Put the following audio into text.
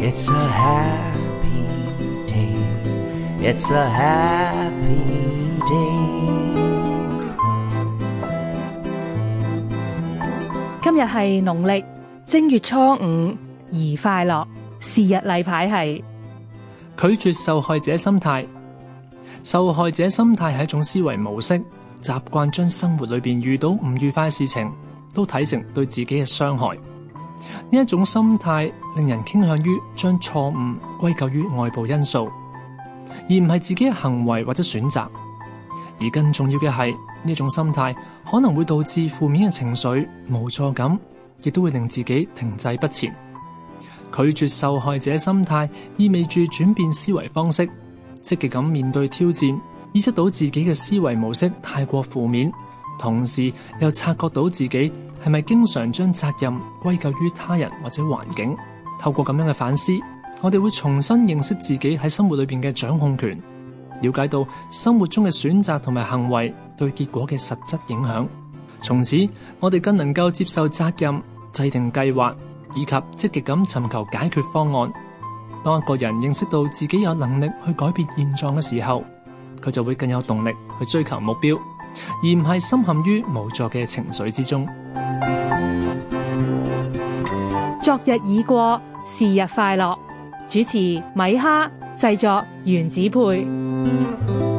It's a happy day. It's a happy day. 今日係農曆正月初五，而快樂是日例牌係拒絕受害者心態。受害者心態係一種思維模式，習慣將生活裏邊遇到唔愉快嘅事情都睇成對自己嘅傷害。呢一種心態令人傾向於將錯誤歸咎於外部因素，而唔係自己嘅行為或者選擇。而更重要嘅係，呢一種心態可能會導致負面嘅情緒、無助感，亦都會令自己停滯不前。拒絕受害者心態意味住轉變思維方式，積極咁面對挑戰，意識到自己嘅思維模式太過負面。同時又察覺到自己係咪經常將責任歸咎於他人或者環境。透過咁樣嘅反思，我哋會重新認識自己喺生活裏邊嘅掌控權，了解到生活中嘅選擇同埋行為對結果嘅實質影響。從此，我哋更能夠接受責任、制定計劃以及積極咁尋求解決方案。當一個人認識到自己有能力去改變現狀嘅時候，佢就會更有動力去追求目標。而唔係深陷於無助嘅情緒之中。昨日已過，是日快樂。主持米哈，製作原子配。